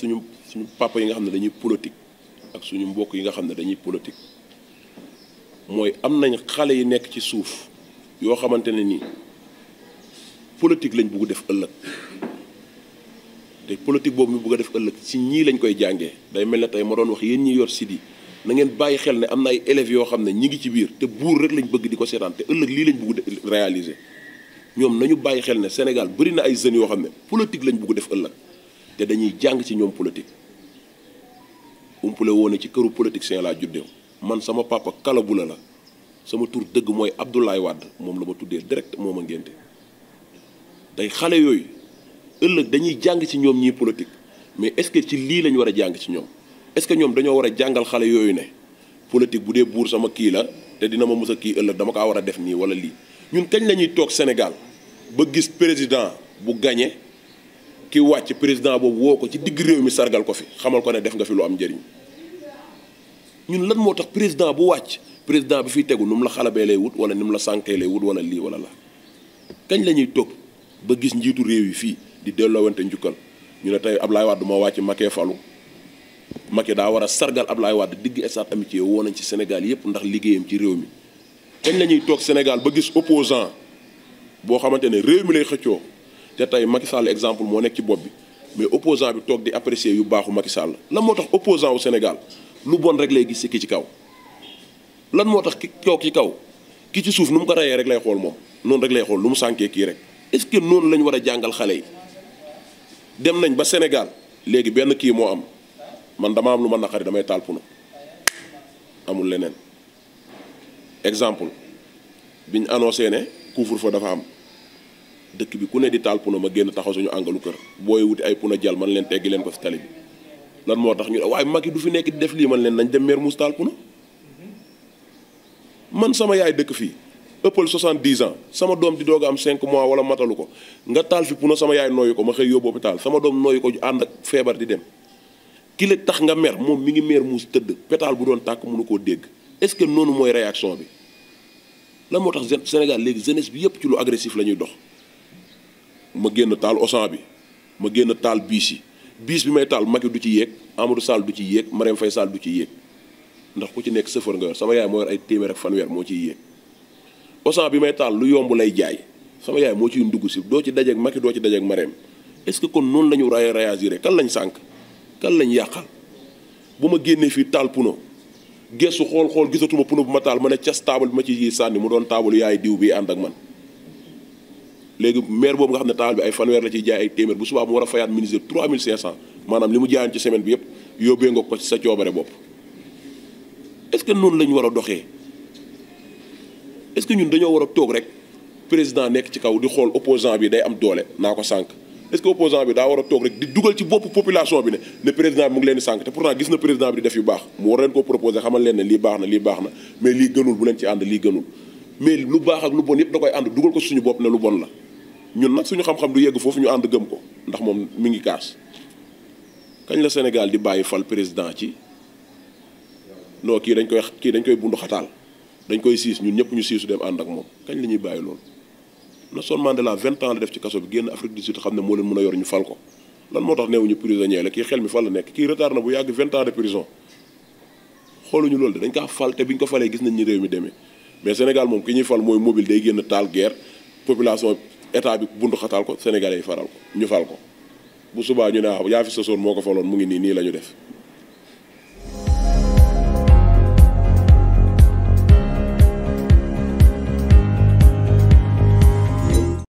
suñu suñu papa yi nga xam ne dañuy politique ak suñu mbokk yi nga xam ne dañuy politique mooy am nañ xale yi nekk ci suuf yoo xamante ne nii politique lañ bugg def ëllëg te politique boobu ñu bugg a def ëllëg ci ñii lañ koy jàngee day mel ne tey ma doon wax yéen ñi yor sidi na ngeen bàyyi xel ne am na ay élèves yoo xam ne ñi ngi ci biir te buur rek lañ bëgg di ko seetaan te ëllëg lii lañ bugg réaliser ñoom nañu bàyyi xel ne Sénégal bëri na ay jeunes yoo xam ne politique lañ bugg def ëllëg te dañuy jàng ci ñoom politique umpule woon ci këru politicien laa juddee man sama papa kala bula la sama tur dëgg mooy Abdoulaye wàdd moom la ma tuddee direct moom a ngénte tey xale yooyu ëllëg dañuy jàng ci ñoom ñii politique mais est-ce que ci lii lañu war a jàng ci ñoom est-ce ñoom dañoo war a jàngal xale yooyu ne politique bu dee buur sama kii la te dina ma mës a kii ëllëg dama kaa war a def nii wala lii ñun kañ la ñuy toog Sénégal ba gis président bu gañe ki wàcc président boobu woo ko ci digg réew mi sargal ko fi xamal ko ne def nga fi lu am njëriñ ñun lan moo tax président bu wàcc président bi fiy tegu nu mu la xalabee wut wala ni mu la sànkee lay wala lii wala la kañ la ñuy toog ba gis njiitu réew yi fii di delloowante njukkal ñu ne tey Ablaye Wade moo wàcc Macky falu Macky daa war a sargal Ablaye Wade digg stade amitié woo nañ ci Sénégal yépp ndax liggéeyam ci réew mi kañ la ñuy toog Sénégal ba gis opposant boo xamante ne réew mi lay xëccoo te tey Macky exemple moo nekk ci bopp bi mais opposan bi toog di apprécier yu baaxu Macky Sall lan moo tax opposant wu Sénégal lu bon rek lay gis ki ci kaw lan moo tax ki kaw ki kaw ki ci suuf nu mu ko reyee rek lay xool moom noonu rek lay xool lu mu sànkee kii rek est-ce que noonu la ñu war a jàngal xale yi dem nañ ba Sénégal léegi benn kii moo am man dama am lu ma naqari damay taal puno amul leneen exemple biñ annoncé ne couvre-feu dafa am dëkk bi ku ne di taal puna ma génn taxaw suñu àngalu kër booy wuti ay puna jàll man leen teggi leen ko si tali bi lan moo tax ñu ne waaye mag yi du fi nekk di def lii man leen nañ dem Mermoz taal puna man sama yaay dëkk fii ëppal 70 ans sama doom di doog am 5 mois wala matalu ko nga taal fi puna sama yaay nooyu ko ma xëy yóbbu hôpital sama doom nooyu ko ànd ak feebar di dem ki la tax nga meer moom mi ngi Mermoz tëdd pétale bu doon tàkk mënu koo dégg est-ce que noonu mooy réaction bi lan moo tax Sénégal léegi jeunesse bi yëpp ci lu agressif la ñuy dox ma génn taal osan bi ma génn taal biis yi biis bi may taal Macky du ci yéeg Amadou Sall du ci yéeg Marème fay Sall du ci yéeg ndax ku ci nekk sëfër nga yor sama yaay moo yor ay téeméer ak fanweer moo ciy yéeg osan bi may taal lu yomb lay jaay sama yaay moo ciy ndugg si doo ci dajeeg Macky doo ci dajeeg Marème est-ce que kon noonu la ñu raay réagir kan lañ sànq kan lañ yàqal bu ma génnee fii taal puno gestu xool xool gisatuma puno bu ma taal ma ne cas ma ci sànni mu doon yaay diw bi ànd ak man léegi maire boobu nga xam ne taal bi ay fanweer la ciy jaay ay téeméer bu subaa mu war a fayaat ministre 3500 maanaam li mu jaayoon ci semaine bi yëpp yóbbee nga ko sa coobare bopp est-ce que noonu la ñu war a doxee est ñun dañoo war a toog rek président nekk ci kaw di xool opposant bi day am doole naa ko sànq est opposant bi daa war a toog rek di dugal ci bopp population bi ne ne président bi mu ngi leen di sànq te pourtant gis na président bi di def yu baax mu war leen lii baax na lii baax na mais lii gënul lu baax ak lu bon yëpp da koy ànd dugal ko suñu bopp ne lu bon la ñun nag suñu xam-xam du yegg foofu ñu ànd gëm ko ndax moom mi ngi kaas kañ la Sénégal di bàyyi fal président ci non kii dañ koy kii dañ koy bundu xataal dañ koy siis ñun ñëpp ñu siisu dem ànd ak moom kañ la ñuy bàyyi loolu. Nelson Mandela vingt ans la def ci kaso bi génn Afrique du Sud xam ne moo leen mën a yor ñu fal ko lan moo tax neewuñu prisonnier la kii xel mi fal nekk kii retard na bu yàgg vingt ans de prison xooluñu loolu de dañ kaa fal te biñ ko falee gis nañ réew mi demee mais Sénégal moom ki ñuy fal mooy mobile day génn taal guerre population. état bi buntu xataal ko sénégalais faral ko ñu fal ko bu subaa ñu ne waaw ah, yaa fi sosoon moo ko faloon mu ngi nii nii la ñu def